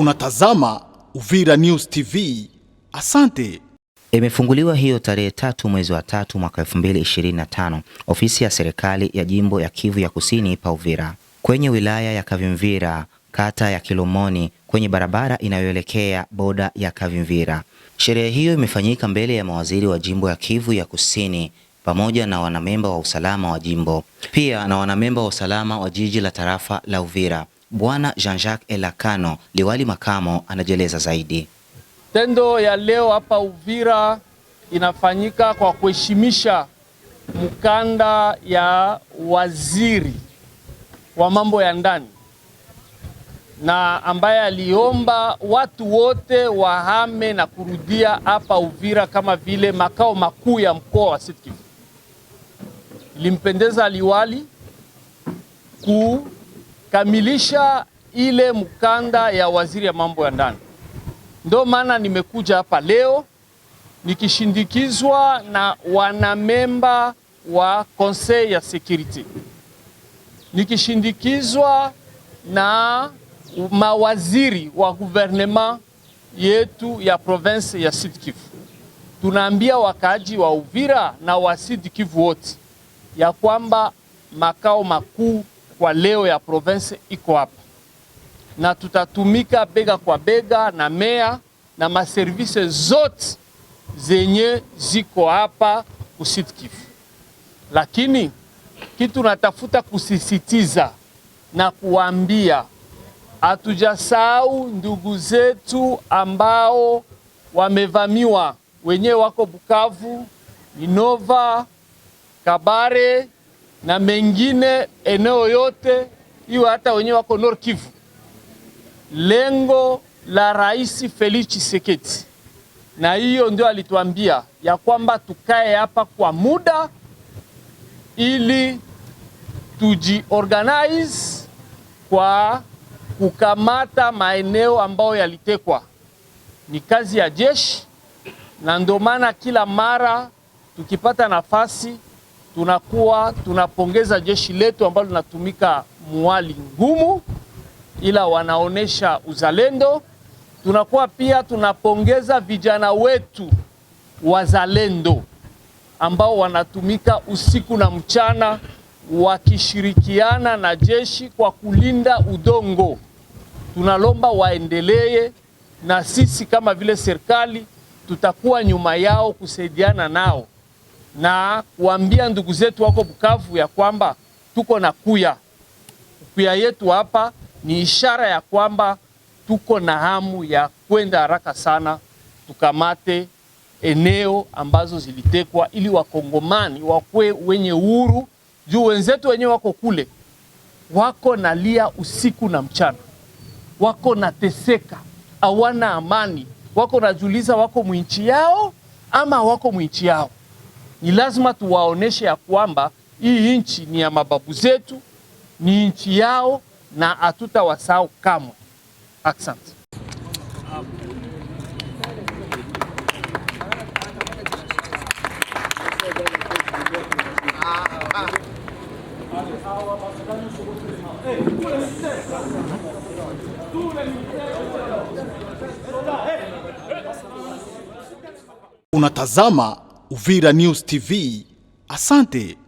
Unatazama Uvira News TV. Asante. Imefunguliwa hiyo tarehe tatu mwezi wa tatu mwaka 2025 ofisi ya serikali ya jimbo ya Kivu ya Kusini pa Uvira kwenye wilaya ya Kavimvira kata ya Kilomoni kwenye barabara inayoelekea boda ya Kavimvira. Sherehe hiyo imefanyika mbele ya mawaziri wa jimbo ya Kivu ya Kusini pamoja na wanamemba wa usalama wa jimbo, pia na wanamemba wa usalama wa jiji la tarafa la Uvira. Bwana Jean-Jacques Elakano, liwali makamo, anajieleza zaidi. Tendo ya leo hapa Uvira inafanyika kwa kuheshimisha mkanda ya waziri wa mambo ya ndani na ambaye aliomba watu wote wahame na kurudia hapa Uvira kama vile makao makuu ya mkoa wa Sud Kivu. Ilimpendeza liwali ku kamilisha ile mkanda ya waziri ya mambo ya ndani. Ndio maana nimekuja hapa leo nikishindikizwa na wanamemba wa Conseil ya Security, nikishindikizwa na mawaziri wa gouvernement yetu ya province ya Sud Kivu. Tunaambia wakaaji wa Uvira na wa Sud Kivu wote ya kwamba makao makuu kwa leo ya province iko hapa, na tutatumika bega kwa bega na mea na maservise zote zenye ziko hapa Sud Lakini kitu natafuta kusisitiza na kuambia, hatujasahau ndugu zetu ambao wamevamiwa, wenyewe wako Bukavu, Minova, Kabare na mengine eneo yote, iwe hata wenyewe wako Nord Kivu. Lengo la Rais Felix Tshisekedi, na hiyo ndio alituambia ya kwamba tukae hapa kwa muda ili tujiorganize kwa kukamata maeneo ambayo yalitekwa. Ni kazi ya jeshi, na ndio maana kila mara tukipata nafasi tunakuwa tunapongeza jeshi letu ambalo linatumika mwali ngumu, ila wanaonesha uzalendo. Tunakuwa pia tunapongeza vijana wetu wazalendo ambao wanatumika usiku na mchana wakishirikiana na jeshi kwa kulinda udongo. Tunalomba waendelee na sisi kama vile serikali tutakuwa nyuma yao kusaidiana nao na kuambia ndugu zetu wako Bukavu ya kwamba tuko na kuya kuya yetu hapa ni ishara ya kwamba tuko na hamu ya kwenda haraka sana tukamate eneo ambazo zilitekwa, ili wakongomani wakwe wenye uhuru, juu wenzetu wenyewe wako kule, wako nalia usiku na mchana, wako na teseka, hawana amani, wako najuliza, wako mwinchi yao ama wako mwinchi yao ni lazima tuwaoneshe ya kwamba hii nchi ni ya mababu zetu, ni nchi yao na hatutawasahau kamwe. Asante. Unatazama Uvira News TV. Asante.